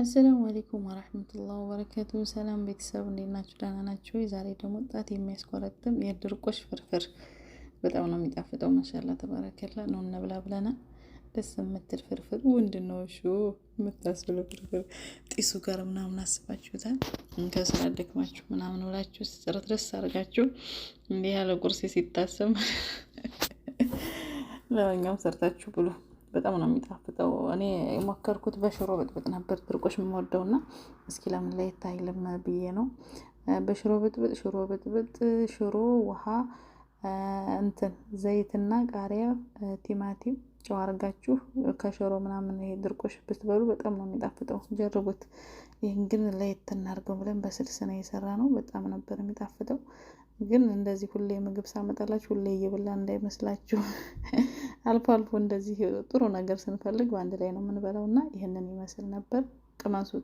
አሰላሙ አሌይኩም ወረህመቱላህ ወበረካቱ። ሰላም ቤተሰብ እንዴት ናችሁ? ደህና ናችሁ? ዛሬ ደግሞ ጣት የሚያስቆረጥም የድርቆሽ ፍርፍር በጣም ነው የሚጣፍጠው። ማሻላ ተባረከላ ነው እነብላ ብለናል። ደስ የምትል ፍርፍር ወንድ ነው ሹ የምታስብለ ፍርፍር ጢሱ ጋር ምናምን አስባችሁታል። ከስራ ደክማችሁ ምናምን ብላችሁ ጥረት ደስ አድርጋችሁ እንዲህ ያለ ቁርሴ ሲታሰብ ለኛም ሰርታችሁ ብሉ። በጣም ነው የሚጣፍጠው። እኔ የሞከርኩት በሽሮ ብጥብጥ ነበር ድርቆሽ የምወደው እና እስኪ ለምን ላይ ይታይልም ብዬ ነው። በሽሮ ብጥብጥ ሽሮ ብጥብጥ ሽሮ ውሃ እንትን ዘይትና ቃሪያ፣ ቲማቲም፣ ጨው አርጋችሁ ከሽሮ ምናምን ድርቆሽ ብትበሉ በጣም ነው የሚጣፍጠው። ጀርቡት። ይህን ግን ለየት እናርገው ብለን በስልስ ነው የሰራ ነው። በጣም ነበር የሚጣፍጠው። ግን እንደዚህ ሁሌ ምግብ ሳመጣላችሁ ሁሌ እየበላ እንዳይመስላችሁ። አልፎ አልፎ እንደዚህ ጥሩ ነገር ስንፈልግ በአንድ ላይ ነው የምንበላው እና ይህንን ይመስል ነበር። ቅመሱት።